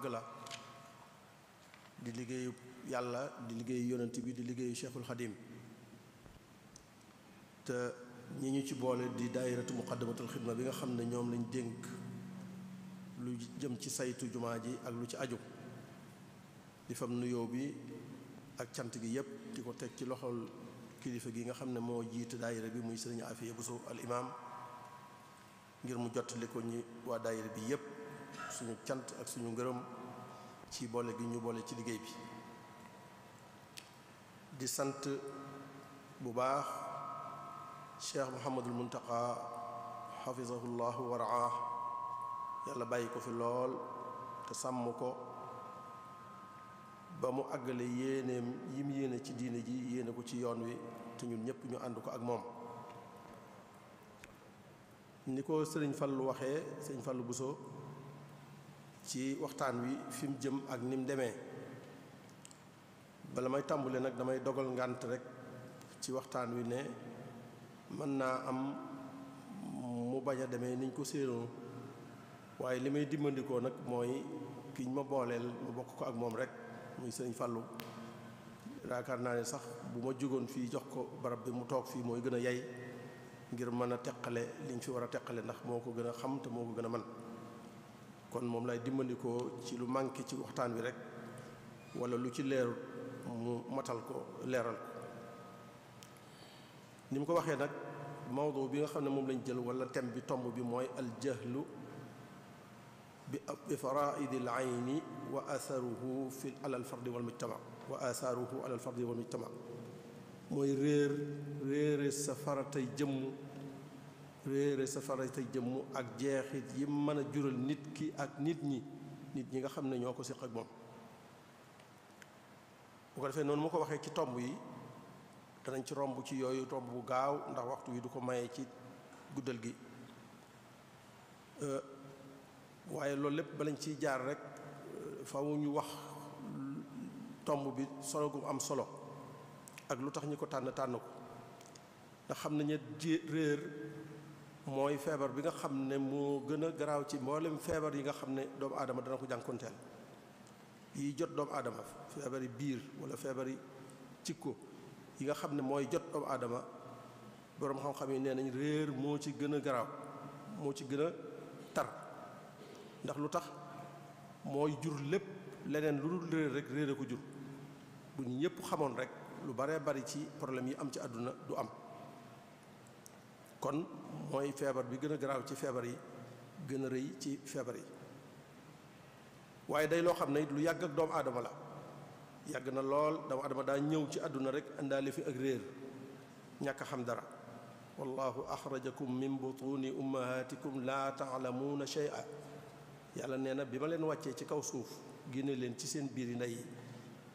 màgg la di liggéeyu yàlla di liggéeyu yonent bi di liggéeyu cheikhul xadim te ñi ñu ci boole di daayiratu muqaddamatul xidma bi nga xam ne ñoom lañu dénk lu jëm ci saytu jumaa ji ak lu ci aju di fam nuyoo bi ak cant gi yépp di ko teg ci loxol kilifa gi nga xam ne moo jiit daayira bi muy sëriñ Afiya Buso al imaam ngir mu jottali ko ñi waa daayira bi yépp suñu cant ak suñu ngërëm ci boole bi ñu boole ci liggéey bi di sant bu baax cheikh muhammadul muntaqa xafizahullahu waraa yàlla bàyyi ko fi lool te sàmm ko ba mu àggale yéeneem yim yéene ci diine ji yéene ko ci yoon wi te ñu ñépp ñu ànd ko ak moom ni ko sëriñ fallu waxee sëriñ fallu buso ci waxtaan wi fi mu jëm ak ni mu demee bala may tàmbule nag damay dogal ngant rek ci waxtaan wi ne mën naa am mu bañ a demee niñ ko séenoo waaye li may dimbandikoo nag mooy kiñ ma booleel ma bokk ko ak moom rek muy sëriñ Fallou yaakaar naa ne sax bu ma jógoon fii jox ko barab bi mu toog fii mooy gën a yay ngir mën a teqale liñ fi war a teqale ndax moo ko gën a xam te moo ko gën a mën kon moom lay dimbandikoo ci lu manqué ci waxtaan wi rek walla lu ci leerut mu matal ko leeral ko ni mu ko waxee nag mawdu bi nga xam ne moom lañ jël wala thème bi tomb bi mooy aljahlu bi faraidi l ayni wa atharuhu fi ala al fardi wal mujtama wa atharuhu ala al fardi wal mujtama mooy réer réere sa faratay jëmm réere safara te jëmm ak jeexit yi mën a jural nit ki ak nit ñi nit ñi nga xam ne ñoo ko séq ak moom bu ko defee noonu mu ko waxee ci tomb yi danañ ci romb ci yooyu tomb bu gaaw ndax waxtu wi du ko maye ci guddal gi euh, waaye loolu lépp balañ ciy jaar rek euh, fawu ñu wax tomb bi solo gu am solo ak lu tax ñi ko tànn tànn ko ndax xam nañu réer mooy feebar bi nga xam ne moo gën a garaaw ci mboolem feebar yi nga xam ne doomu adama dana ko jànkonteel yi jot doomu aadama feebari biir wala feebari ko yi nga xam ne mooy jot doomu aadama boroom xam-xam yi nee nañ réer moo ci gën a garaaw moo ci gën a tar ndax lu tax mooy jur lépp leneen lu dul réer rek réer a ko jur bu ñu ñëpp xamoon rek lu baree bari ci problème yi am ci àdduna du am kon mooy feebar bi gën a garaaw ci feebar yi gën a rëy ci feebar yi waaye day loo xam ne it lu yàgg ak doomu aadama la yàgg na lool doomu aadama daa ñëw ci àdduna rek àndaale fi ak réer ñàkk xam dara wallahu axrajakum min butuni ummahatikum laa taalamuuna shay'a nee na bi wàccee ci kaw suuf génne leen ci seen biir yi ndey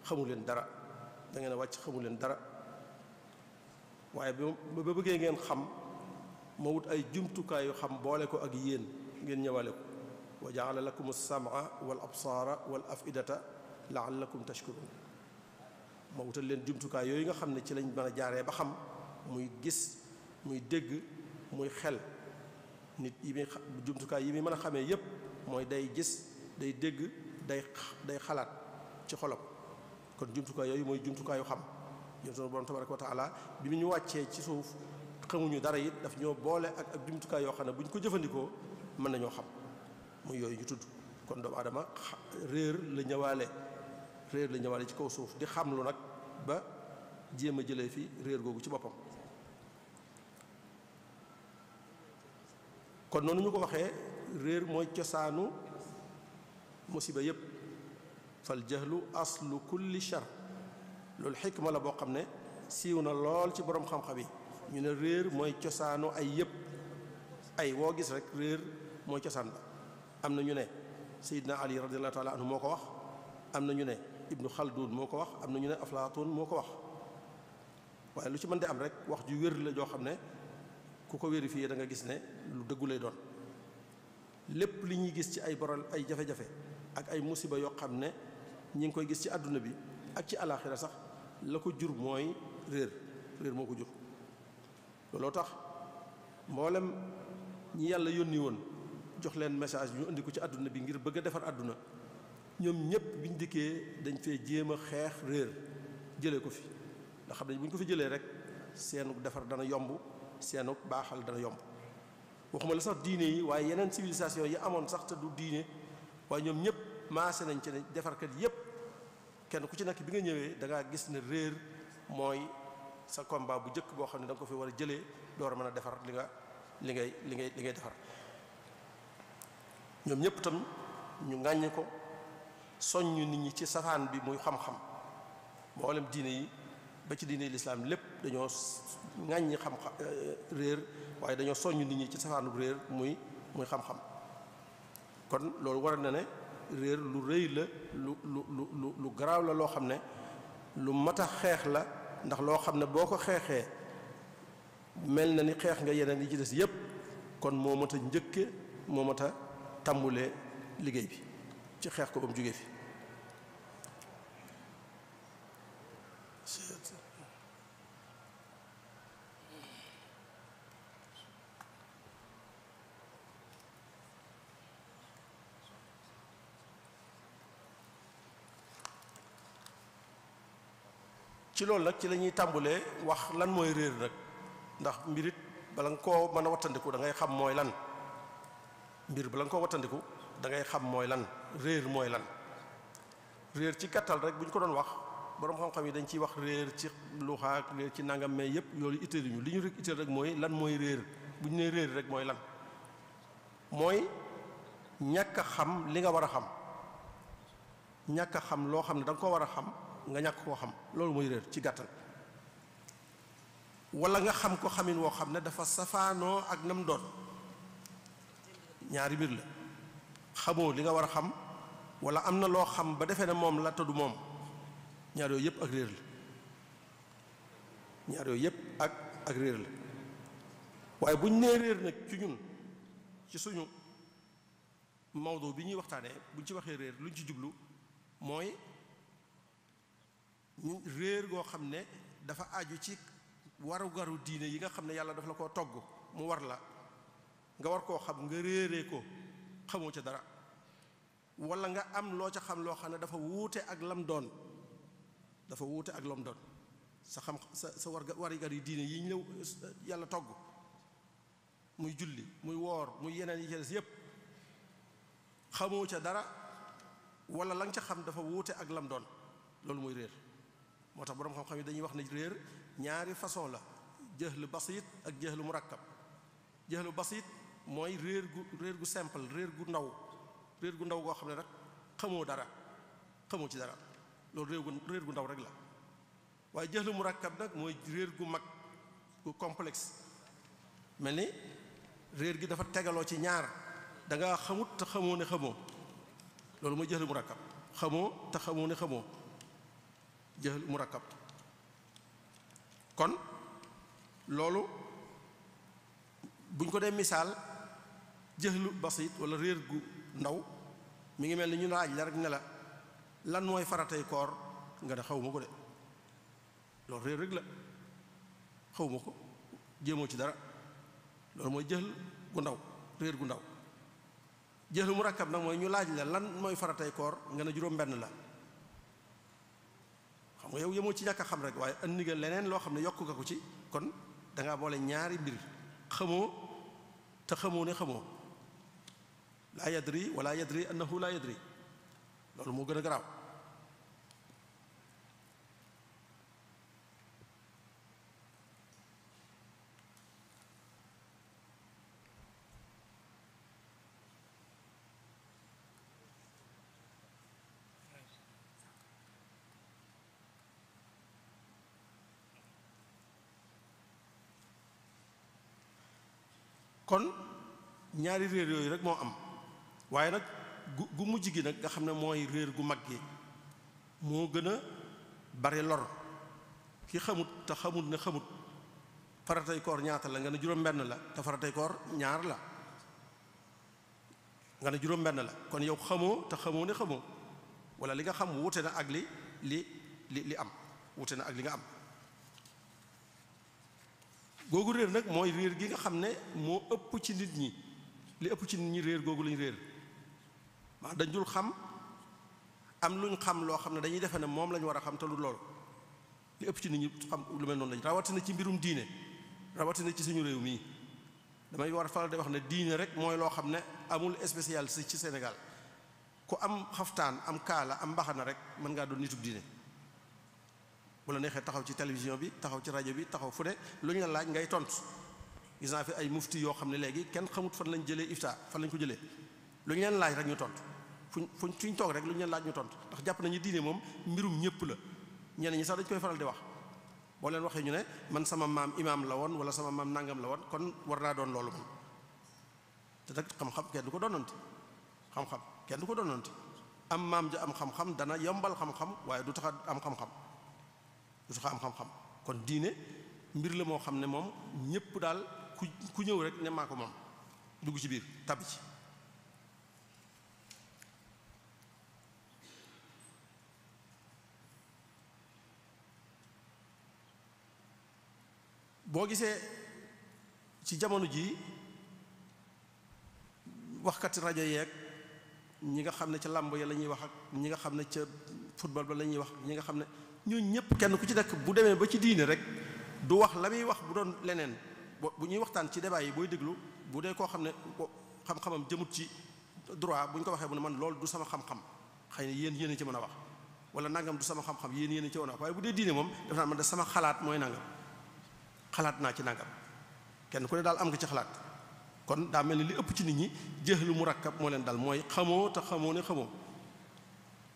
xamu leen dara da wàcc xamu leen dara waaye ba ba bëggee ngeen xam ma wut ay jumtukaay yu xam boole ko ak yéen ngeen ñëwale ko wa jaala lakum alsama wal absaara wal afidata laallakum tashkurun ma wutal leen jumtukaay yooyu nga xam ne ci lañ mën a jaaree ba xam muy gis muy dégg muy xel nit yi muy jumtukaay yi muy mën a xamee yépp mooy day gis day dégg day day xalaat ci xolam kon jumtukaay yooyu mooy jumtukaayu xam yéen sunu borom tabaraka wa taala bi mu ñu wàccee ci suuf xamuñu dara it daf ñoo boole ak ak jumtukaay yoo xam ne bu ñu ko jëfandikoo mën nañoo xam mu yooyu ñu tudd kon doomu aadama réer la ñëwaale réer la ñëwaale ci kaw suuf di xamlu nag ba jéem a jëlee fi réer googu ci boppam kon noonu ñu ko waxee réer mooy cosaanu musiba yépp fal jahlu aslu kulli shar loolu xikma la boo xam ne siiw na lool ci boroom xam-xam yi ñu ne réer mooy cosaanu ay yëpp ay woo gis rek réer mooy cosaan ba am na ñu ne Seydina Ali radiallahu taala anhu moo ko wax am na ñu ne Ibnu Xaldun moo ko wax am na ñu ne Aflaatun moo ko wax waaye lu ci mën di am rek wax ju wér la joo xam ne ku ko vérifié da danga gis ne lu dëggu lay doon lépp li ñuy gis ci ay boral ay jafe-jafe ak ay musiba yoo xam ne ñi ngi koy gis ci àdduna bi ak ci alaaxira sax la ko jur mooy réer réer moo ko jur looloo tax mboolem ñi yàlla yónni woon jox leen message ñu indi ko ci àdduna bi ngir bëgg defar àdduna ñoom ñëpp biñ dikkee dañ fee jéem a xeex réer jële ko fi ndax xam nañ bu ñu ko fi jëlee rek seenu defar dana yomb seenu baaxal dana yomb waxuma la sax diine yi waaye yeneen civilisation yi amoon sax te du diine waaye ñoom ñëpp maase nañ ci ne defarkat yépp kenn ku ci nekk bi nga ñëwee dangaa gis ne réer mooy sa combat bu njëkk boo xam ne da nga ko fi war a jëlee door a mën a defar li nga li ngay li ngay li ngay defar ñoom ñëpp tam ñu ŋàññi ko soññ nit ñi ci safaan bi muy xam-xam mboolem diine yi ba ci diine lislaam lépp dañoo ŋàññi xam-xam euh, réer waaye dañoo soññ nit ñi ci safaanu réer muy muy xam-xam kon loolu war na ne réer lu rëy la lu lu lu lu garaaw la loo xam ne lu mat a xeex la ndax loo xam ne boo ko xeexee mel na ni xeex nga yeneen yi ci des yépp kon moo mat a njëkke moo mat a tàmbulee liggéey bi ci xeex ko ba mu jógee fi loolu nag ci lañuy ñuy tàmbulee wax lan mooy réer nag ndax mbir bala nga koo mën a wattandiku da ngay xam mooy lan mbir bala nga koo wattandiku da ngay xam mooy lan réer mooy lan réer ci gàttal rek bu ñu ko doon wax boroom xam-xam yi dañ ciy wax réer ci luxaak réer ci nangam mais yépp loolu itteeluñu li ñu rek itteel rek mooy lan mooy réer bu ñu nee réer rek mooy lan mooy ñàkk xam li nga war a xam ñàkk xam loo xam ne da nga ko war a xam nga ñàkk koo xam loolu mooy réer ci gàttal wala nga xam ko xamin woo xam ne dafa safaanoo ak nam doon ñaari mbir la xamoo li nga war a xam wala am na loo xam ba defee ne moom la moom ñaar yooyu yëpp ak réer la ñaar yooyu yëpp ak ak waaye buñ nee réer nag ci ñun ci suñu Maodo bi ñuy waxtaanee buñ ci waxee réer luñ ci jublu mooy ñu réer goo xam ne dafa aju ci warugaru diine yi nga xam ne yàlla dafa la koo togg mu war la nga war koo xam nga réeree ko xamoo ca dara wala nga am loo ca xam loo xam ne dafa wuute ak lam doon dafa wuute ak lam doon sa xam sa sa war warugar yu diine yi ñëw yàlla togg muy julli muy woor muy yeneen yi ca des ca dara wala la nga ca xam dafa wuute ak lam doon loolu muy réer moo tax boroom xam-xam yi dañuy wax ne réer ñaari façon la jëhlu basit ak jëhlu murakkab jëhlu basit mooy réer gu réer gu simple réer gu ndaw réer gu ndaw goo xam ne nag xamoo dara xamoo ci dara loolu réer gu réer ndaw rek la waaye jëhlu murakkab nag mooy réer gu mag gu complex mel ni réer gi dafa tegaloo ci ñaar da nga xamut te xamoo ne xamoo loolu mooy jëhlu murakkab xamoo te xamoo ne xamoo jahal murakkab kon loolu buñ ko dee misaal jëxlu basit wala réer gu ndaw mi ngi mel ni ñu laaj la rek ne la lan mooy faratay koor nga ne xaw ma ko de loolu réer rek la xaw ma ko jéemoo ci dara loolu mooy jël gu ndaw réer gu ndaw jëxlu mu rakkab nag mooy ñu laaj la lan mooy faratay koor nga ne juróom benn la xam nga yow yemoo ci ñàkk xam rek waaye indi nga leneen loo xam ne yokk nga ko ci kon dangaa boole ñaari mbir xamoo te xamoo ne xamoo laa yadri wala yadri annahu laa yadri loolu moo gën a garaaw kon ñaari réer yooyu rek moo am waaye nag gu gu mujj gi nag nga xam ne mooy réer gu mag gi moo gën a bari lor ki xamut te xamut ne xamut faratay koor ñaata la nga ne juróom-benn la te faratay koor ñaar la nga ne juróom-benn la kon yow xamoo te xamoo ne xamoo wala li nga xam wute na ak li li li li am wute na ak li nga am googu réer nag mooy réer gi nga xam ne moo ëpp ci nit ñi li ëpp ci nit ñi réer googu lañ réer waa dañ dul xam am luñ xam loo xam ne dañuy defe ne moom lañu war a xam te lu lool li ëpp ci nit ñi xam lu mel noonu lañ rawatina ci mbirum diine rawatina ci suñu réew mii damay war a faral di wax ne diine rek mooy loo xam ne amul spécial ci Sénégal ku am xaftaan am kaala am mbaxana rek mën ngaa doon nitub diine bu la neexee taxaw ci télévision bi taxaw ci rajo bi taxaw fu ne lu ñu laaj ngay tontu gis naa fi ay mufti yoo xam ne léegi kenn xamut fan lañ jëlee ifta fan lañ ko jëlee lu ñu laaj rek ñu tontu fu fuñ fuñ ñu toog rek lu ñu laaj ñu tontu ndax jàpp nañu diine moom mbirum ñëpp la ñeneen ñi sax dañ koy faral di wax boo leen waxee ñu ne man sama maam imaam la woon wala sama maam nangam la woon kon war naa doon loolu man te nag xam-xam kenn du ko doonante xam kenn ko doonante am maam ja am xam dana yombal xam-xam waaye du tax am xam du fa xam-xam kon diine mbir la moo xam ne moom ñépp daal ku ku ñëw rek ne ko moom dugg ci biir tab ci boo gisee ci jamono jii waxkati rajo yeeg ñi nga xam ne ca làmb ya la ñuy wax ak ñi nga xam ne ca football ba la ñuy wax ñi nga xam ne ñooñu ñëpp kenn ku ci nekk bu demee ba ci diine rek du wax la muy wax bu doon leneen bu ñuy waxtaan ci débat yi booy déglu bu dee koo xam ne xam-xamam jëmut ci droit bu ñu ko waxee mu ne man lool du sama xam-xam xëy na yéen yéen a ci mën a wax wala nangam du sama xam-xam yéen yéen a ci mën a wax waaye bu dee diine moom def naa man de sama xalaat mooy nangam xalaat naa ci nangam kenn ku ne daal am nga ci xalaat kon daa mel ni li ëpp ci nit ñi jëhlu mu rakkab moo leen dal mooy xamoo te ne xamoo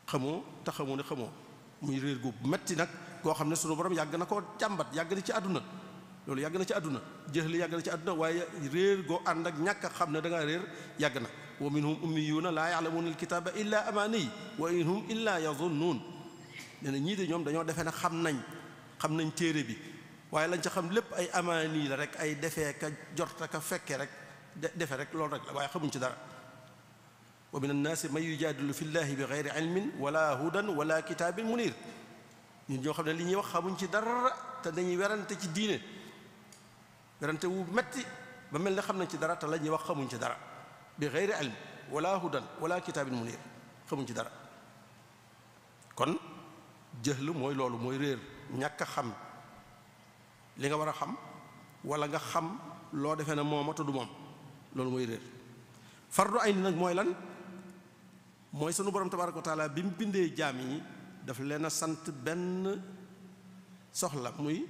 xamoo te ne xamoo muy réer gu metti nag koo xam ne sunu borom yàgg na koo jàmbat yàgg na ci àdduna loolu yàgg na ci àdduna jëxli yàgg na ci àdduna waaye réer goo ànd ak ñàkk xam ne danga réer yàgg na wa minhum ummiyuuna laa ya'lamuuna alkitaaba illaa amaaniy wa in hum illaa yazunnuun nee na ñii de ñoom dañoo defee ne xam nañ xam nañ téere bi waaye lañ ca xam lépp ay amaani la rek ay defee jot jorta ka fekke rek defe rek loolu rek la waaye xamuñ ci dara wa min annaasi man yujaadilu fi llahi bi geyri ilmin wala hudan wala kitaabin munir ñu ñoo xam ne li ñuy wax xamuñ ci dara te dañuy werante ci diine werante wu metti ba mel ni xam nañ ci dara te la ñuy wax xamuñ ci dara bi geyri ilm wala hudan wala kitaabin munir xamuñ ci dara kon jëhl mooy loolu mooy réer ñàkk a xam li nga war a xam wala nga xam loo defee ne moom a tudd moom loolu mooy réer fardu ayni nag mooy lan mooy sunu borom tabaaraka wa taala bi mu bindee jaam yi daf leen a sant benn soxla muy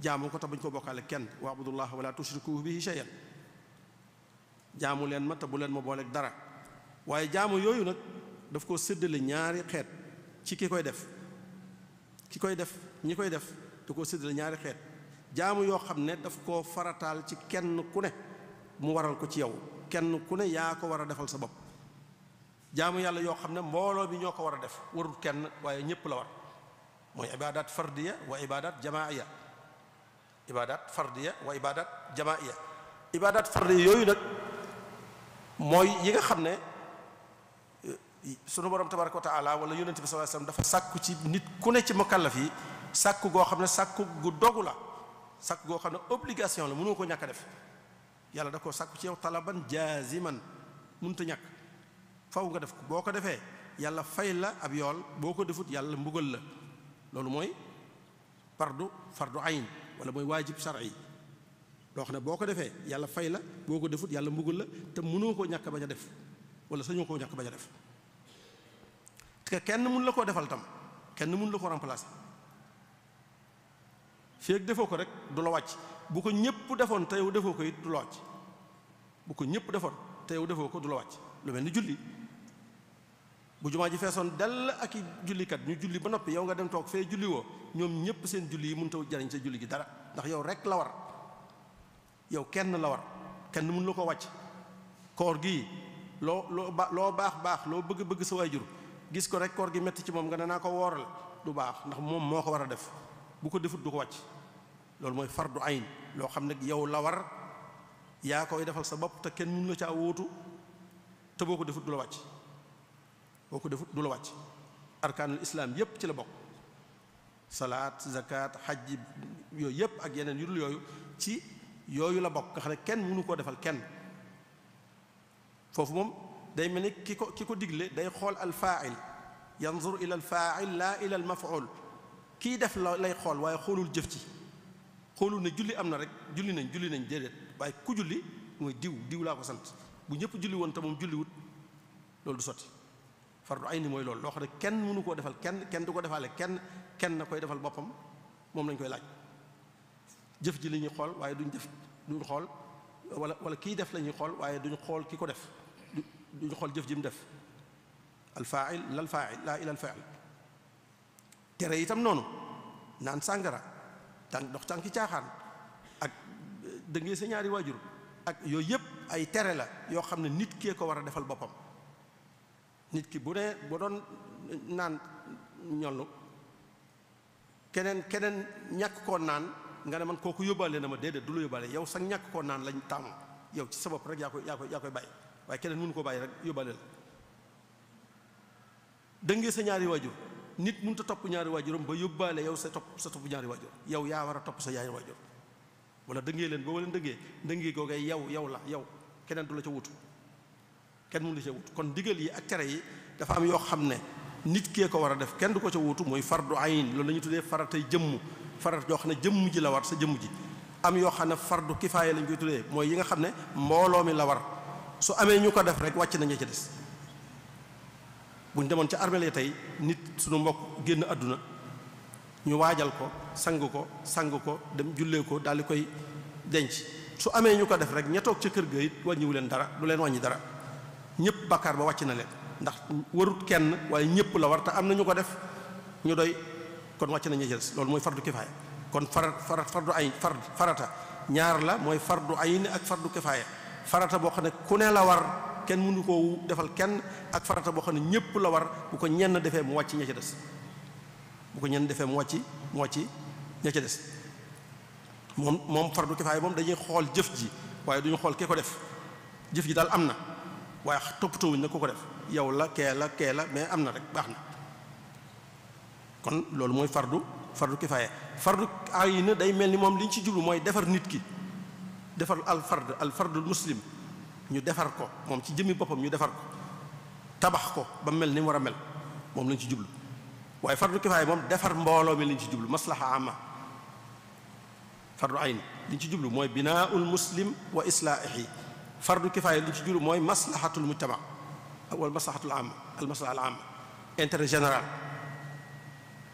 jaamu ko te bañ ko bokkalee kenn wa abudullah wala tushriku bihi shay'an jaamu leen ma te bu leen ma booleek dara waaye jaamu yooyu nag daf koo séddale ñaari xeet ci ki koy def ki koy def ñi koy def du koo séddale ñaari xeet jaamu yoo xam ne daf koo farataal ci kenn ku ne mu waral ko ci yow kenn ku ne yaa ko war a defal sa bopp jaamu yàlla yoo xam ne mbooloo bi ñoo ko war a def warul kenn waaye ñépp la war mooy ibadat fardiya wa ibadat jamaaiya ibadat fardiya wa ibadat jamaaiya ibadat fardiya yooyu nag mooy yi nga xam ne eh, sunu borom tabaraka wa taala wala yonent bi sallallahu alayhi wasallam dafa sàkku ci nit ku ne ci mukallaf yi sàkku goo xam ne sàkku gu dogu la sàkku goo xam ne obligation la mënoo ko ñàkk def yàlla da ko sàkku ci yow talaban jaziman mënut a ñàkk faw nga def ko boo ko defee yàlla fay la ab yool boo ko defut yàlla mbugal la loolu mooy fardu fardu ayn wala mooy waajib shar'i loo xam ne boo ko defee yàlla fay la boo ko defut yàlla mbugal la te mënoo ko ñàkk bañ a def wala sañoo koo ñàkk bañ a def kenn mun la koo defal tam kenn mun la ko remplacer feeg defoo ko rek du la wàcc bu ko ñëpp defoon te yow defoo ko it du ko ñëpp defoon te yow defoo ko du la wàcc lu mel ni julli bu jumaa ji feesoon dell ak i jullikat ñu julli ba noppi yow nga dem toog fee julli woo ñoom ñépp seen julli yi mënut a jariñ sa julli gi dara ndax yow rek la war yow kenn la war kenn mënu la ko wàcc koor gi loo loo ba baax baax loo bëgg-bëgg sa waajur gis ko rek koor gi metti ci moom nga ne ko wooral du baax ndax moom moo ko war a def bu ko defut du ko wàcc loolu mooy far du ayn loo xam ne yow la war yaa koy defal sa bopp te kenn mënu la caa wóotu te boo ko defut la wàcc boo ko defut du la wàcc arkaanul islaam yépp ci la bokk salaat zakat xaj yooyu yépp ak yeneen yu dul yooyu ci yooyu la bokk nga xam ne kenn mënu koo defal kenn foofu moom day mel ni ki ko ki ko digle day xool al faail yanzur ila al faail laa ila al mafuul kii def la lay xool waaye xoolul jëf ci xoolul ne julli am na rek julli nañ julli nañ déedéet waaye ku julli mooy diw diw laa ko sant bu ñëpp julli woon te moom julliwut loolu du sotti fardu ay ni mooy loolu loo xam ne kenn mënu koo defal kenn kenn du ko defaale kenn kenn na koy defal boppam moom lañ koy laaj jëf ji li ñuy xool waaye duñ def duñ xool wala wala kii def la ñuy xool waaye duñ xool ki ko def duñ xool jëf ji mu def alfaail lal faail laa ilal faail tere itam noonu naan sàngara tànk ndox tànki caaxaan ak dëngee sa ñaari waajur ak yooyu yëpp ay tere la yoo xam ne nit kee ko war a defal boppam nit ki bu dee bu doon naan ñollu keneen keneen ñàkk koo naan nga ne man kooku yóbbaale na ma de du la yóbbaale yow sax ñàkk koo naan lañ taamu yow ci sa bopp rek yaa koy yaa koy yaa keneen mënu ko bàyyi rek yóbbaale la dëngee sa ñaari waajur nit mënut a topp ñaari waajuram ba yóbbaale yow sa topp sa ñaari waajur yow yaa war a topp sa ñaari waajur wala dëngee leen boo leen dëngee dëngee googee yow yow la yow keneen du la ca wutu kenn mënu ca wut kon ndigal yi ak tere yi dafa am yoo xam ne nit kee ko war a def kenn du ko ca wutu mooy fardu ayn loolu la ñu tuddee faratay jëmm farat yoo xam ne jëmm ji la war sa jëmm ji am yoo xam ne fardu kifaaya lañ koy mooy yi nga xam ne mbooloo mi la war su amee ñu ko def rek wàcc nañu ca des buñ demoon ca armeel yi tey nit suñu mbokk génn àdduna ñu waajal ko sang ko sang ko dem jullee ko daal di koy denc su amee ñu ko def rek ñettoog toog ca kër ga it wàññiwu leen dara du leen wàññi dara ñëpp bakkaar ba wàcc na leen ndax warut kenn waaye ñëpp la war te am na ñu ko def ñu doy kon wàcc nañu jël loolu mooy fardu kifaaya kon far far fardu ay far farata ñaar la mooy fardu ayn ak fardu kifaaya farata boo xam ne ku ne la war kenn mënu koo defal kenn ak farata boo xam ne ñëpp la war bu ko ñenn defee mu wàcc ña ca des bu ko ñenn defee mu wàcc mu wàcc ña ca des moom moom fardu kifaaya moom dañuy xool jëf ji waaye duñu xool kee ko def jëf ji daal am na waaye toppatoowuñ na ku ko def yow la kee la kee mais am na rek baax na kon loolu mooy fardu fardu kifaaya fardu ayi day mel ni moom li ñu ci jublu mooy defar nit ki defar al fard al fardul muslim ñu defar ko moom ci jëmmi boppam ñu defar ko tabax ko ba mel ni war a mel moom lañ ci jublu waaye fardu kifaaya moom defar mbooloo mi lañ ci jublu maslaha ama fardu ayn liñ ci jublu mooy binaaul muslim wa islaahi fardu kifaaya li ci juru mooy maslahatul mujtama wala maslahatul am al maslaha al am intérêt général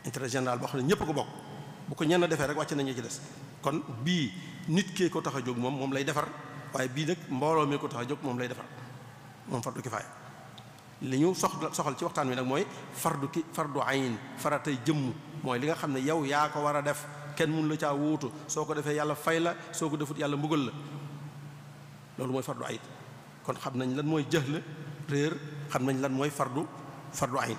intérêt boo xam ne ñépp ko bokk bu ko ñenn defee rek wàcc nañu ci des kon bii nit kee ko tax a jóg moom moom lay defar waaye bii nag mbooloo mi ko tax a jóg moom lay defar moom fardu kifaaya li ñu soxla soxal ci waxtaan wi nag mooy fardu ki fardu ayn faratay jëmm mooy li nga xam ne yow yaa ko war a def kenn mënu la caa wuutu soo ko defee yàlla fay la soo ko defut yàlla mbugal la loolu mooy fardu ayn kon xam nañ lan mooy jëhl réer xam nañ lan mooy fardu fardu ayn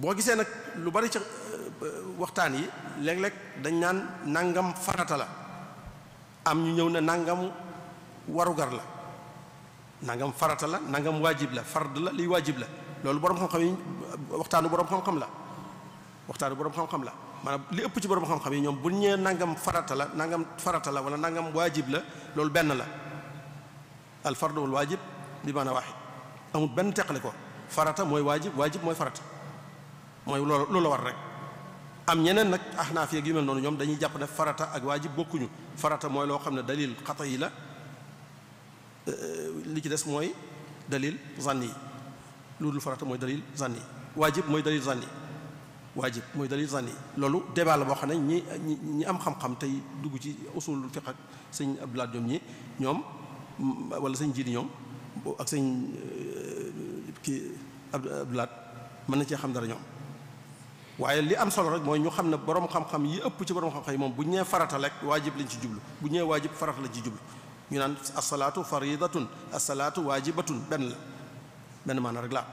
boo gisee nag lu bari ci euh, waxtaan yi léeg-léeg dañ naan nangam farata la am ñu ñëw ne nangam warugar la nangam farata la nangam waajib la fard la liy waajib la loolu boroom xam-xam yi waxtaanu boroom xam-xam la waxtaanu boroom xam-xam la maanaam li ëpp ci borom xam-xam yi ñoom bu ñee nangam farata la nangam farata la wala nangam waajib la loolu benn la al fardu wal waajib bi maanaam waxi amul benn teqale ko farata mooy waajib waajib mooy farata mooy loolu loolu war rek am ñeneen nag ahnaaf yeeg noonu ñoom dañuy jàpp ne farata ak waajib bokkuñu farata mooy loo xam ne dalil xata yi la li ci des mooy dalil zanni yi lu dul farata mooy dalil zanni waajib mooy dalil yi waajib mooy dalil zanni loolu débat la boo xam ne ñi ñi am xam-xam tey dugg ci usulul fiqh ak sëñ Abdoulaye Diom ñi ñoom wala sëñ jiidi ñoom ak sëñ euh, kii mën na cee xam dara ñoom waaye li am solo rek mooy ñu xam ne boroom xam-xam yi ëpp ci borom xam-xam yi moom bu ñu nee farata rek waajib lañ ci jublu bu ñu nee waajib farata lañ jublu ñu naan asalaatu faridatun asalaatu waajibatun benn la benn maana rek la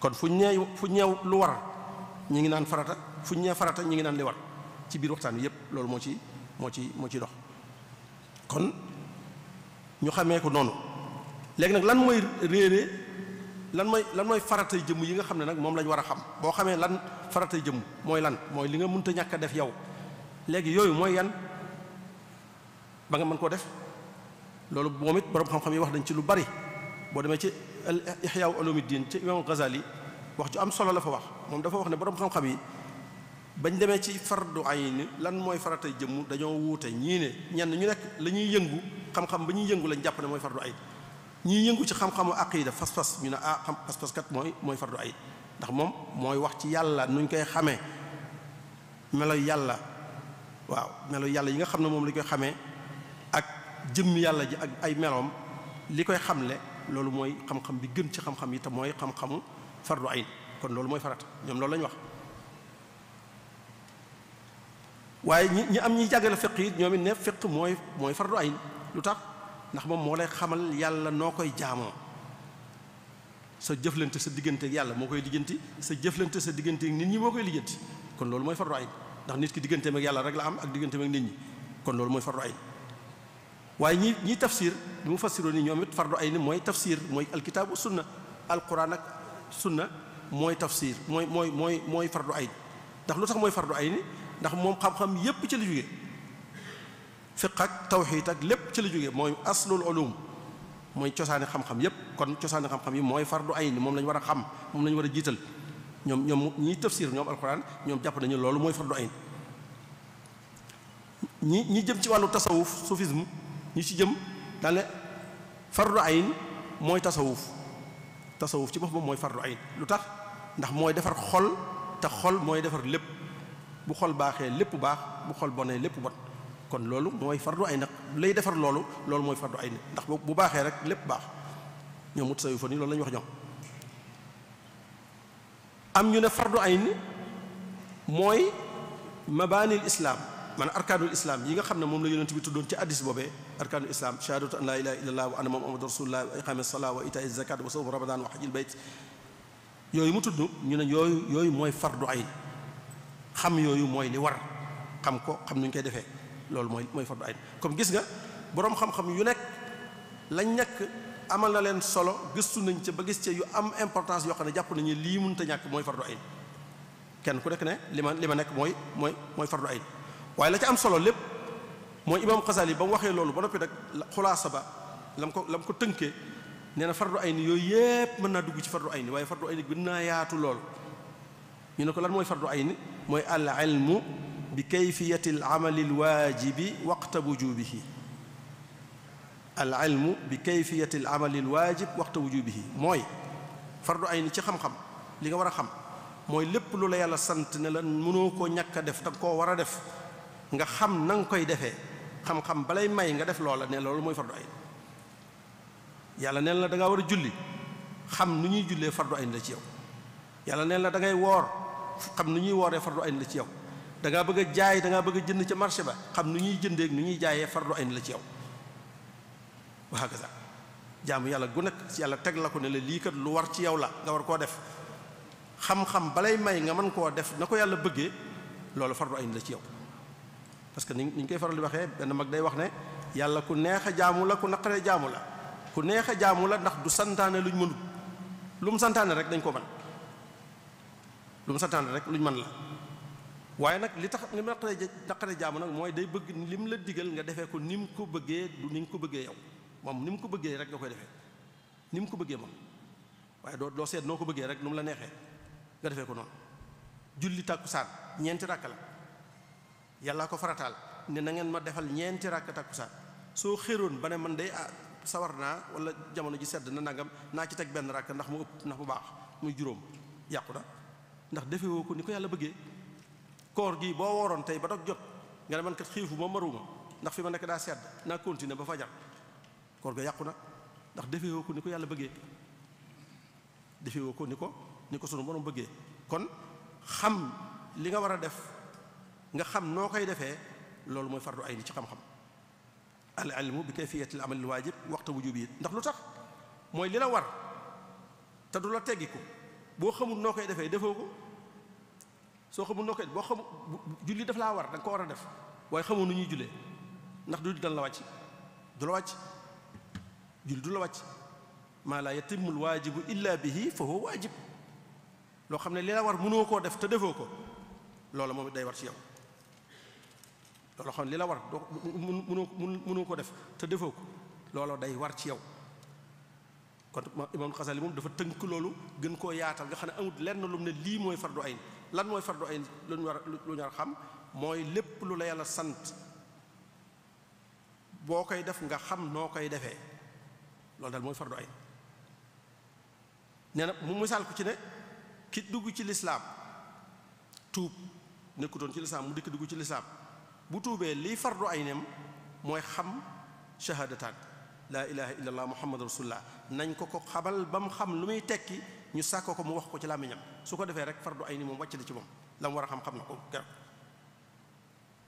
kon fu ñeew fu ñeew lu war ñi ngi naan farata fu ñu nee farata ñi ngi naan li war ci biir waxtaan wi yépp loolu moo ci moo ci moo ci dox kon ñu xamee ko noonu léegi nag lan mooy réere lan mooy lan mooy faratay jëmm yi nga xam ne nag moom lañ war a xam boo xamee lan faratay jëmm mooy lan mooy li nga mënta ñàkk a def yow léegi yooyu mooy yan ba nga mën koo def loolu moom it borom xam-xam yi wax dañ ci lu bari boo demee ci Ihya Ulumuddin ci Imam Ghazali wax ju am solo la fa wax moom dafa wax ne boroom xam-xam yi bañ demee ci fardu ayni lan mooy faratay jëmm dañoo wuute ñii ne ñenn ñu nekk la ñuy yëngu xam-xam ba ñuy yëngu lañ jàpp ne mooy fardu ayni ñii yëngu ci xam-xamu aqida fas ñu ne ah xam fas mooy mooy fardu ayni ndax moom mooy wax ci yàlla nuñ koy xamee melo yàlla waaw melo yàlla yi nga xam ne moom li koy xamee ak jëmm yàlla ji ak ay meloom li koy xamle loolu mooy xam-xam bi gën ci xam-xam yi te mooy xam-xamu fardu ayn kon loolu mooy farata ñoom loolu lañu wax waaye ñi ñi am ñi jàngale fiq yi ñoom it ne fiq mooy mooy fardu ayn lu tax ndax moom moo lay xamal yàlla noo koy jaamoo sa jëflante sa diggante ak yàlla moo koy lijjanti sa jëflante sa diggante ak nit ñi moo koy lijjanti kon loolu mooy fardu ayn ndax nit ki digganteem ak yàlla rek la am ak digganteem ak nit ñi kon loolu mooy fardu ayn waaye ñi ñi tafsir bi mu fassiroo ni ñoom it fardu ayn mooy tafsir mooy alkitaab wa sunna alquran ak sunna mooy tafsir mooy mooy mooy mooy fardu ayn ndax lu tax mooy fardu ayn ndax moom xam-xam yépp ci la jóge fiq ak tawxiid ak lépp ci la jóge mooy aslul ulum mooy cosaani xam-xam yépp kon cosaani xam-xam yi mooy fardu ayn moom la war a xam moom lañu war a jiital ñoom ñoom ñiy tafsir ñoom alquran ñoom jàpp nañu loolu mooy fardu ayn ñi ñi jëm ci wàllu tasawuf soufisme ñi ci jëm daal ne fardu ayn mooy tasawuf tasawuf ci boppam mooy fardu ayn lu tax ndax mooy defar xol te xol mooy defar lépp bu xol baaxee lépp baax bu xol bonee lépp bon kon loolu mooy fardu ayn nag lay defar loolu loolu mooy fardu ayn ndax bu baaxee rek lépp baax ñoom mutasawwifa ni loolu la ñu wax ñoom am ñu ne fardu ayn mooy mabaanil islaam man arkaanul islaam yi nga xam ne moom la yonent bi tuddoon ci addis boobee arkaanul islaam shahadatu an laa ilaaha illallah wa anna muhammadan rasulullah wa iqaami salaa wa itaa zakat wa sawmu ramadan wa hajjil bayt yooyu mu tudd ñu ne yooyu yooyu mooy fardu ayn xam yooyu mooy li war xam ko xam nu koy defee loolu mooy mooy fardu ayn comme gis nga boroom xam yu nekk lañ nekk amal na leen solo gëstu nañ ca ba gis ca am importance yoo xam ne jàpp nañu lii mënut ñàkk mooy fardu ayn kenn ku nekk ne li ma li ma nekk mooy mooy mooy fardu ay waaye la ca am solo lépp mooy imaam Xasali ba mu waxee loolu ba noppi nag xulaasa ba lam ko lam ko tënkee nee na fardu ayni yooyu yépp mën naa dugg ci fardu ayni waaye fardu ayni gën naa lool ñu ne ko lan mooy fardu ayni mooy al ilmu bi kayfiyati al amali al waajibi waqta wujubihi al ilmu bi kayfiyati al amali al waajib waqta wujubihi mooy fardu ayni ci xam-xam li nga war a xam mooy lépp lu la yàlla sant ne la mënoo koo ñàkk a def danga koo war a def nga xam nanga koy defee xam-xam balay may nga def loola ne loolu mooy fardu ay yàlla neen la da war a julli xam nu ñuy jullee fardu ayn ci yow yàlla neen la da ngay woor xam ni ñuy wooree fardu ayn la ci yow da ngaa bëgg a jaay da ngaa bëgg a jënd ca marché ba xam nu ñuy jëndee nu ñuy jaayee fardu ayn la ci yow wa hakaza jaamu yàlla gu nekk yàlla teg la ko ne la lii kat lu war ci yow la nga war koo def xam-xam balay may nga mën koo def na ko yàlla bëggee loolu fardu ayn la ci yow parce que ni ñu koy faral di waxee benn mag day wax ne yàlla ku neex a jaamu la ku naqaree jaamu la ku neex a jaamu la ndax du santaane ñu mënut lu mu santaane rek dañ ko mën lu mu santaane rek luñ mën la waaye nag li tax li ma naqaree naqaree jaamu nag mooy day bëgg li mu la digal nga defee ko ni mu ko bëggee du ni nga ko bëggee yow moom ni mu ko bëggee rek nga koy defee ni mu ko bëggee moom waaye doo doo seet noo ko bëggee rek nu mu la neexee nga defee ko noonu julli tàkkusaan ñeenti ràkk la yàlla ko farataal ne na ngeen ma defal ñeenti ràkk takkusaan soo xéroon ba ne man day ah sawar naa wala jamono ji sedd na nangam naa ci teg benn ràkk ndax mu ëpp ndax mu baax muy juróom yàqu na ndax defewoo ko ni ko yàlla bëggee koor gi boo wooroon tey ba jot nga ne man kat xiifu ma maruma ndax fi ma nekk daa sedd naa ba fajar koor ga yàqu na ndax defewoo ko ni ko yàlla bëggee defewoo ko ni ko ni ko sunu borom bëggee kon xam li nga war a def nga xam noo koy defee loolu mooy fardu ayni ci xam-xam al ilmu bi kayfiyati al amal al waajib waxta wujub yi ndax lu tax mooy li la war te du la teggiku boo xamul noo koy defee defoo ko soo xamul noo boo xamul daf laa war da nga ko war a def waaye xamoo nu ñuy jullee ndax du dal wàcc du la wàcc julli du la wàcc maa laa yatimu al waajibu illa bi fa foofu waajib loo xam ne li la war mënoo koo def te defoo ko loolu moom day war ci yow loolu xam li la war mu mënu mënu ko def te defoo ko looloo day war ci yow kon imam Xasali moom dafa tënk loolu gën koo yaatal nga xam ne amut lenn lu mu ne lii mooy fardu ayn lan mooy fardu ayn lu war lu ñu war xam mooy lépp lu la yàlla sant boo koy def nga xam noo koy defee loolu daal mooy fardu ayn nee na mu misaal ko ci ne ki dugg ci lislaam tuub nekkutoon ci lislaam mu dikk dugg ci lislaam bu tuubee liy fardu aynem mooy xam shahadataan laa ilaha illa allah muhammadu rasulullah nañ ko ko xabal ba mu xam lu muy tekki ñu sàkko ko mu wax ko ci làmmiñam su ko defee rek fardu ayni moom wàcc na ci moom la mu war a xam-xam na ko keroog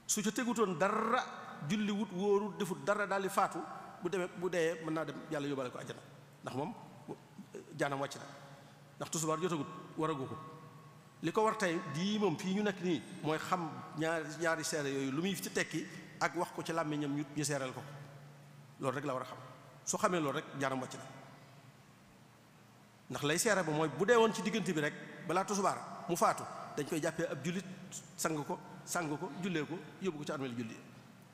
su ca tegutoon dara julliwut wut wóoru defut dara daal di faatu bu demee bu dee mën naa dem yàlla yóbbaale ko àjjana ndax moom jaanam wàcc na ndax tusubaar jotagut waragu ko li ko war tey dii moom fii ñu nekk nii mooy xam ñaari ñaari seere yooyu lu muy ci tekki ak wax ko ci làmmiñam ñu ñu seereel ko loolu rek la war a xam su xamee loolu rek jaaram wàcc na ndax lay seere ba mooy bu dee woon ci diggante bi rek balaa tusubaar mu faatu dañ koy jàppee ab jullit sang ko sang ko jullee ko yóbbu ko ci armeel julli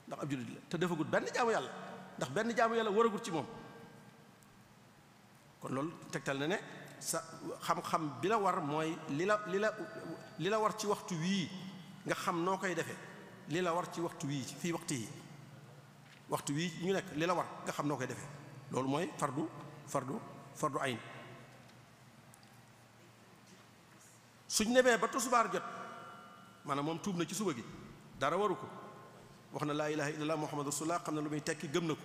ndax ab jullit la te defagut benn jaamu yàlla ndax benn jaamu yàlla waragut ci moom kon loolu tegtal na ne sa xam-xam war mooy li la li la li la war ci waxtu wii nga xam noo koy defee li la war ci waxtu wii fii waxtu yi waxtu wii ñu nekk li la war nga xam noo koy defee loolu mooy fardu fardu fardu ayn suñ nebee ba tusubaar jot maanaam moom tuub na ci suba gi dara waru ko wax na laa ilaha illallah muhammadu rasulullah xam na lu muy tekki gëm na ko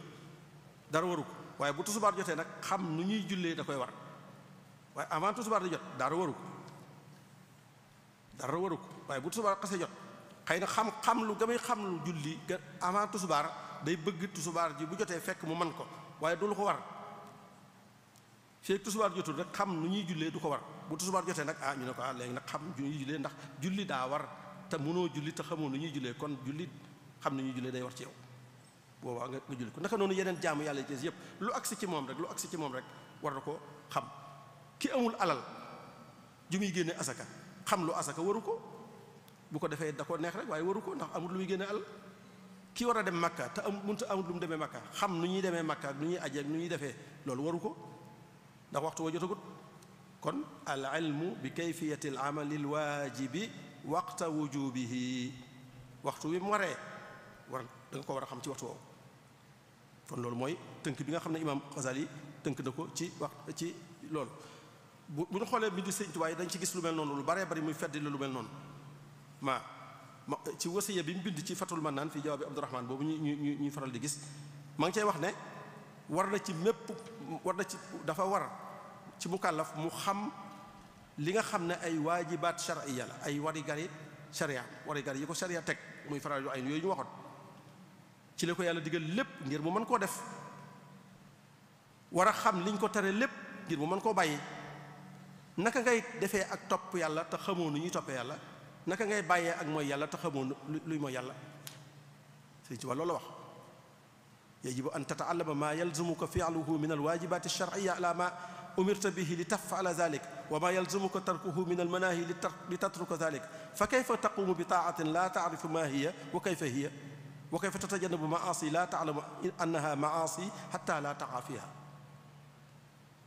dara waru ko waaye bu tusubaar jotee nag xam nu ñuy jullee da koy war waaye avant tusubaar di jot dara waru ko dara waru ko waaye bu tusubaar xasee jot xëy na xam-xam lu gamay xam lu julli ga avant tusubaar day bëgg tusubaar ji bu jotee fekk mu man ko waaye du lu ko war feeg tusubaar jotul rek xam nu ñuy jullee du ko war bu tusubaar jotee nag ah ñu ne ko ah léegi nag xam nu ñuy jullee ndax julli daa war te mënoo julli te xamoo nu ñuy jullee kon julli xam nu ñuy jullee day war ci yow boobaa nga julli ko naka noonu yeneen jaamu yàlla ci yëpp lu agsi ci moom ci moom rek ki amul alal ju muy génne asaka xam lu asaka waru ko bu ko defee da ko neex rek waaye waru ko ndax amul lu muy génne alal ki war a dem makka te am munta amul lu mu demee makka xam nu ñuy demee makka ak nu ñuy ajee ak nu ñuy defee loolu waru ko ndax waxtu wa jotagut kon al ilmu bi kayfiyati al amali al waajibi waqta wujubihi waxtu wi mu waree war da ko war a xam ci waxtu woowu kon loolu mooy tënk bi nga xam ne imaam Xasali tënk na ko ci wax ci lool bu bu ñu xoolee mbindu sëñ Tuubaa yi dañ ci gis lu mel noonu lu baree bari muy feddi lu mel noonu ma ci wasiya bi mu bind ci fatul man naan fii jawaabi Abdurahmaan boobu ñu ñu ñuy faral di gis ma ngi cay wax ne war na ci mépp ci dafa war ci mu mu xam li nga xam ne ay waajibaat charia la ay warigari charia warigari yi ko charia teg muy faral yu ay yooyu ñu waxoon ci la ko yàlla digal lépp ngir mu mën koo def war a xam liñ ko tere lépp ngir mu mën koo bàyyi naka ngay defee ak topp yàlla te xamoo nu ñuy toppee yàlla naka ngay bàyyee ak mooy yàlla te xamoo luy mooy yàlla sëñ Tuubaa loolu wax yajibu an tata'allama maa yalzumuka fi'luhu min alwaajibaati alsharciya ala maa umirta bihi li taf'ala zalik wa maa yalzumuka tarkuhu min almanaahi li tatruka zalik fa kayfa taqumu bi taatin laa tacrifu maa hiya wa kayfa hiya wa kayfa tatajannabu maasi laa taalamu annaha maasi xatta laa taqa fiha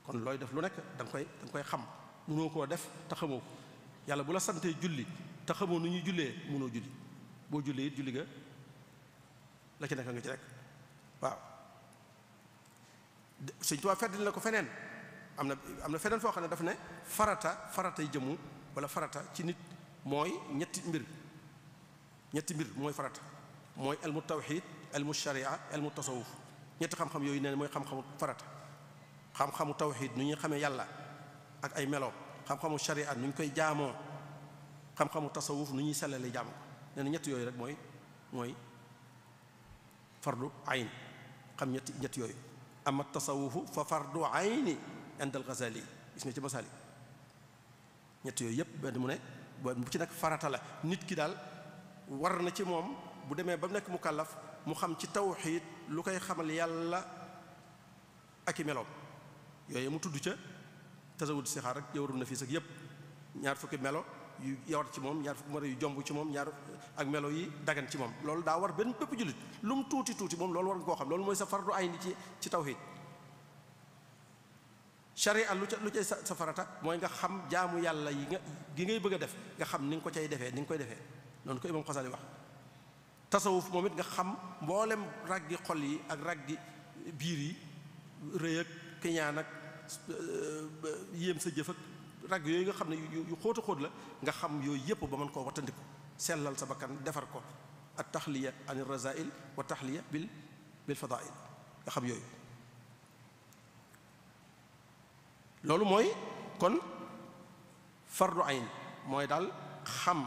kon looy def lu nekk da nga koy da nga koy xam mënoo koo def te xamoo yàlla bu la santee julli te xamoo nu ñuy jullee munoo julli boo jullee it julli ga la ci nekk nga ci rek waaw sëñ Tuubaa fedd na ko feneen am na am na feneen foo xam ne daf ne farata faratay jëmu wala farata ci nit mooy ñetti mbir ñetti mbir mooy farata mooy elmu tawxid elmu sharia elmu tasawuf ñetti xam-xam yooyu nee mooy xam-xamu farata xam-xamu tawxid nu ñuy xamee yàlla ak ay melo xam-xamu sharia nu ñu koy jaamoo xam-xamu tasawuf nu ñuy sellale jaam ko nee ñett yooyu rek mooy mooy fardu ayn xam ñetti ñett yooyu ama tasawufu fa fardu ayni ind al Ghazali gis nga ci masali ñett yooyu yépp benn mu ne bu ci nekk farata la nit ki daal war na ci moom bu demee ba mu nekk mukallaf mu xam ci tawxiid lu koy xamal yàlla ak i meloom yooyu mu tudd ca tasawut sixaar rek jawru na fii sax yëpp ñaar fukki melo yu yawar ci moom ñaar fukki melo yu jomb ci moom ñaar ak melo yi dagan ci moom loolu daa war benn bépp jullit lu mu tuuti tuuti moom loolu war nga koo xam loolu mooy sa ay ni ci ci tawhid sharia lu ca lu cay sa farata mooy nga xam jaamu yàlla yi nga gi ngay bëgg a def nga xam ni nga ko cay defee ni nga koy defee noonu ko imam Xasali wax tasawuf moom it nga xam mboolem raggi xol yi ak raggi biir yi rëy ak kiñaan ak Euh, yéem sa jëf ak rag yooyu nga xam ne yu xóota xóot la nga xam yooyu yëpp ba man koo wattandiku sellal sa bakkan defar ko at taxliya anil razail wa taxliya bil bil fadail nga xam yooyu loolu mooy kon fardu ayn mooy daal xam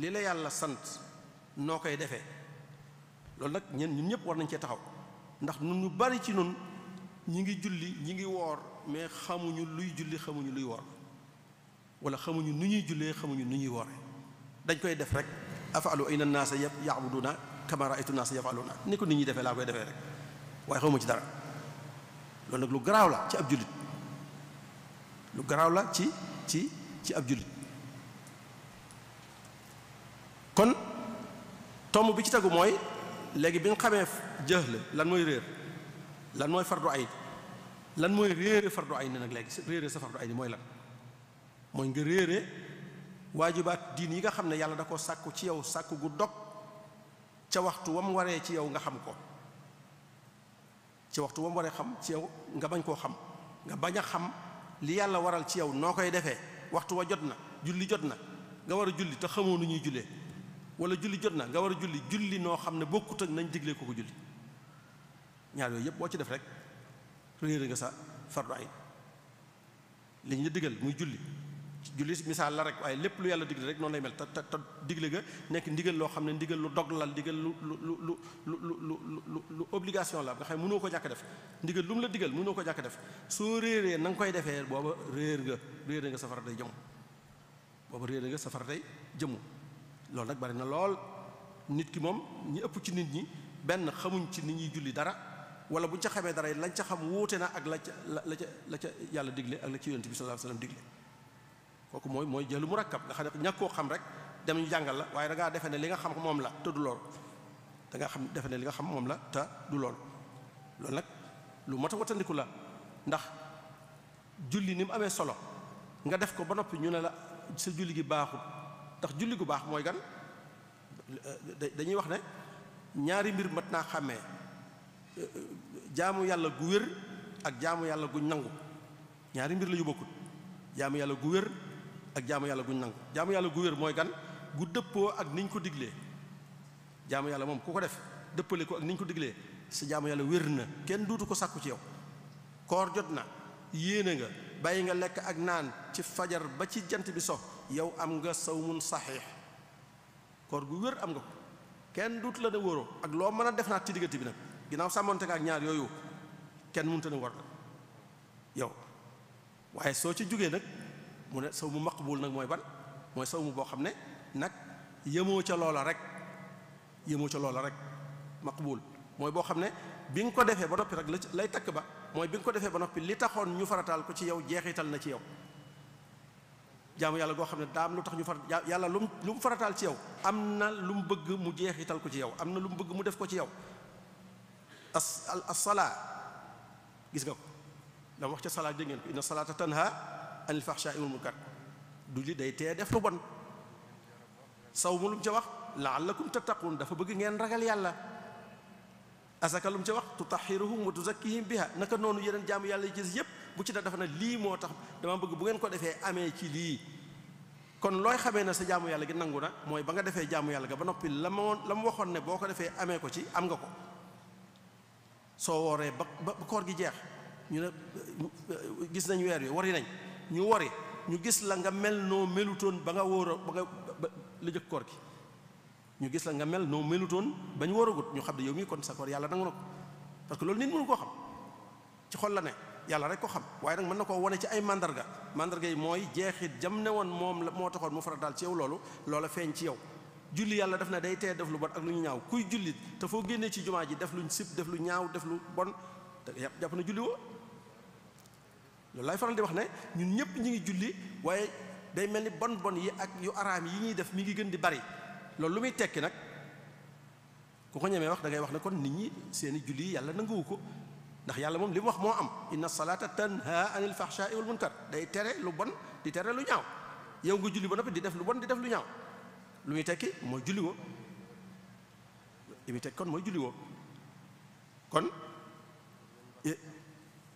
li la yàlla sant noo koy defee loolu nag ñen ñun ñëpp war nañ cee taxaw ndax ñun ñu bari ci nun ñi ngi julli ñi ngi woor mais xamuñu luy julli xamuñu luy wor wala xamuñu nu ñuy jullee xamuñu nu ñuy wore dañ koy def rek afalu ayna naasa yabuduna kama raaytu naasa yafaluna ni ko nit ñi defee laa koy defee rek waaye xamuma ci dara loolu nag lu garaaw la ci ab jullit lu garaaw la ci ci ci ab jullit kon tomb bi ci tegu mooy léegi bi nga xamee la lan mooy réer lan mooy fardu ay lan mooy réere fardu ay ni nag léegi réere sa fardu ay ni mooy lan mooy nga réere waajibaat diin yi nga xam ne yàlla da ko sàkku ci yaw sàkku gu dog ca waxtu wa mu waree ci yow nga xam ko ca waxtu wam waree xam ci yow nga bañ koo xam nga bañ a xam li yàlla waral ci yow noo koy defe waxtu wa jot na julli jot na nga war a julli te xamoo nu ñuy jullee wala julli jot na nga war a julli julli noo xam ne bokkut ak nañ diglee ko ko julli ñaar yooyu yëpp boo ci def rek réer nga sa fardu ayn li ñu muy julli julli misaal la rek waaye lépp lu yàlla digle rek noonu lay mel te te digle ga nekk ndigal loo xam ne ndigal lu dog la ndigal lu lu lu lu lu lu lu obligation la nga mënoo ko jàkk def ndigal lu la digal mënoo ko jàkk def soo réeree na koy defee booba réer nga réer nga safara day jëmm booba réer nga safara day jëmm loolu nag bari na lool nit ki moom ñi ëpp ci nit ñi benn xamuñ ci nit ñuy julli dara wala bu ñu ca xamee dara lañ ca xam wuute na ak la ca la ca la ca yàlla digle ak la ci yonent bi sallallahu alayhi wasallam digle kooku mooy mooy jëlu mu rakkab nga xam ne koo xam rek dem ñu jàngal la waaye dangaa ngaa defe ne li nga xam moom la te du lool da xam defe ne li nga xam moom la te du lool loolu nag lu mat a watandiku la ndax julli ni mu amee solo nga def ko ba noppi ñu ne la sa julli gi baaxul ndax julli gu baax mooy gan dañuy wax ne ñaari mbir mat naa xàmmee jaamu yàlla gu wér ak jaamu yàlla guñ nangu ñaari mbir la yu bokkut jaamu yàlla gu wér ak jaamu yàlla guñ nangu jaamu yàlla gu wér mooy gan gu dëppoo ak niñ ko diglee jaamu yàlla moom ku ko def dëppale ko ak niñ ko diglee sa jaamu yàlla wér na kenn duutu ko sàkku ci yow koor jot na yéene nga bàyyi nga lekk ak naan ci fajar ba ci jant bi so yow am nga sawmun saxiix koor gu wér am nga ko kenn duutu la ne wóoroo ak loo mën a def naa ci diggante bi nag ginnaaw sàmmonte ak ñaar yooyu kenn mënut a ne war la yow waaye soo ci jógee nag mu ne saw mu maqbul nag mooy ban mooy saw mu boo xam ne nag yemoo ca loola rek yemoo ca loola rek maqbul mooy boo xam ne bi nga ko defee ba noppi rek la lay takk ba mooy bi nga ko defee ba noppi li taxoon ñu farataal ko ci yow jeexital na ci yow jaamu yàlla goo xam ne daam lu tax ñu far yàlla lu lu mu farataal ci yow am na lu mu bëgg mu jeexital ko ci yow am na lu mu bëgg mu def ko ci yow as-salaa gis nga ko dafa wax ca salaat dégg ngeen ko inna salaata tanha anil fahshaa'i wal munkar du li day tee def lu bon saw mu lu ca wax la'allakum tattaqun dafa bëgg ngeen ragal yàlla asaka lu mu ca wax tutahhiruhum wa tuzakkihim biha naka noonu yeneen jàmm yàlla yi gis yépp bu ci da dafa na lii moo tax dama bëgg bu ngeen ko defee amee ci lii kon looy xamee ne sa jaamu yàlla gi nangu na mooy ba nga defee jàmm yàlla ga ba noppi la ma la mu waxoon ne boo ko defee amee ko ci am nga ko soo wooree ba ba koor gi jeex ñu ne gis nañ weer wi wari nañ ñu wari ñu gis la nga mel noo melutoon ba nga wóor ba nga la jëkk koor gi ñu gis la nga mel noo melutoon ba ñu wóoragut ñu xam ne yow mii kon sa koor yàlla nangu na ko parce que loolu nit mënu koo xam ci xol la ne yàlla rek ko xam waaye nag mën na koo wane ci ay mandarga mandarga yi mooy jeexit jam ne woon moom la moo taxoon mu fara daal ci yow loolu loola feeñ ci yow julli yàlla def na day tee def lu bon ak lu ñu ñaaw kuy jullit te foo génnee ci jumaa ji def luñ sib def lu ñaaw def lu bon na julli woo loolu laay wax ne ñun ñëpp ñi ngi julli waaye day mel ni bon bon yi ak yu araam yi ñuy def mi ngi gën di bari loolu lu muy tekki nag ku ko wax da ngay wax ne kon nit ñi seeni julli yi yàlla nanguwu ko ndax yàlla moom li wax moo am inna salata tanha anil day tere lu bon di tere lu ñaaw yow nga julli ba noppi di def lu bon di def lu ñaaw lu muy tekki mooy julli woo li muy tekki kon mooy julli woo kon eh,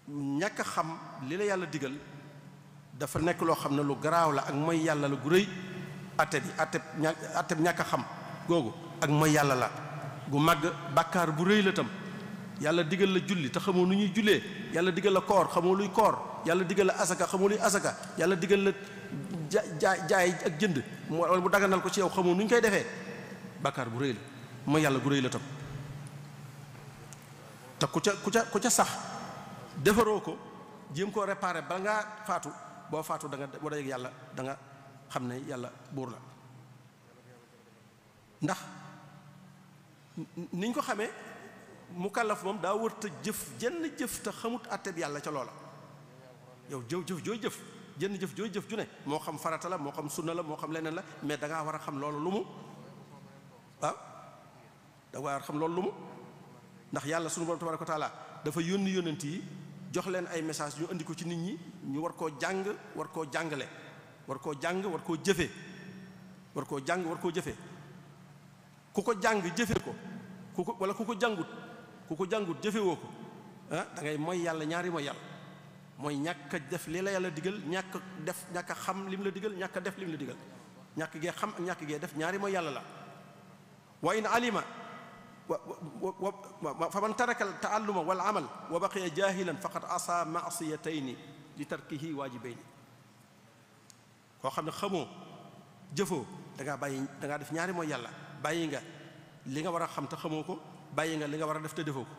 ñàkk xam li la yàlla digal dafa nekk loo xam ne lu garaaw la ak mooy yàlla la gu rëy atte bi atte atteb ñàkk xam googu ak mooy yàlla la gu màgg bàkkaar bu rëy la tam yàlla digal la julli te xamoo nu ñuy jullee yàlla digal la koor xamoo luy koor yàlla digal la asaka xamoo luy asaka yàlla digal la jaay jaay ak jënd wala bu daganal ko ci yow xamoo nu ñu koy defee bàkkaar bu rëy la mooy yàlla gu rëy la tam te ku ca ku ca ku ca sax defaroo ko jéem koo réparé ba ngaa faatu boo faatu danga nga boo dajeg yàlla da nga xam ne yàlla buur la ndax niñ ko xamee mu kàllaf moom daa wër te jëf jenn jëf te xamut àtteb yàlla ca loola yow jëf jooy jëf jënn jëf jooy jëf ju ne moo xam farata la moo xam sunna la moo xam leneen la mais da war a xam loolu lu mu ah, waaw xam loolu lu mu ndax yàlla sunu borom tabaraka wa taala dafa yónni yónnent yi jox leen ay message ñu indi ko ci nit ñi ñu war koo jàng war koo jàngale war koo jàng war koo jëfee war koo jàng war koo jëfee ku ko jàng jëfee ko ku ko wala ku ko jàngut ku ko jàngut jëfewoo ko ah da ngay mooy yàlla ñaari mooy yàlla mooy ñàkk def li la yàlla digal ñàkk def ñàkk xam li mu la digal ñàkk a def lim la digal ñàkk gee xam ñàkk gee def ñaari mooy yàlla la wa in alima fa man taraka taalluma wal amal wa baqiya jahilan faqad asa maasiyatayni li tarkihi waajibayni koo xam ne xamoo jëfoo dangaa ngaa bàyyi da def ñaari mooy yàlla bàyyi nga li nga war a xam te xamoo ko bàyyi nga li nga war a def te defoo ko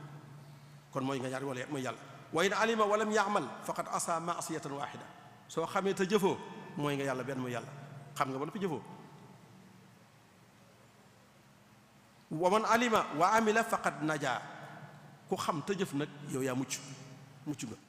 kon mooy nga ñaari mooy yàlla wa in alima walam yaamal faqad asa maasiyatan waxida soo xamee te jëfoo mooy nga yàlla benn mu yàlla xam nga ba noppi jëfoo wa man alima wa amila faqad naja ku xam te jëf nag yow yaa mucc mucc nga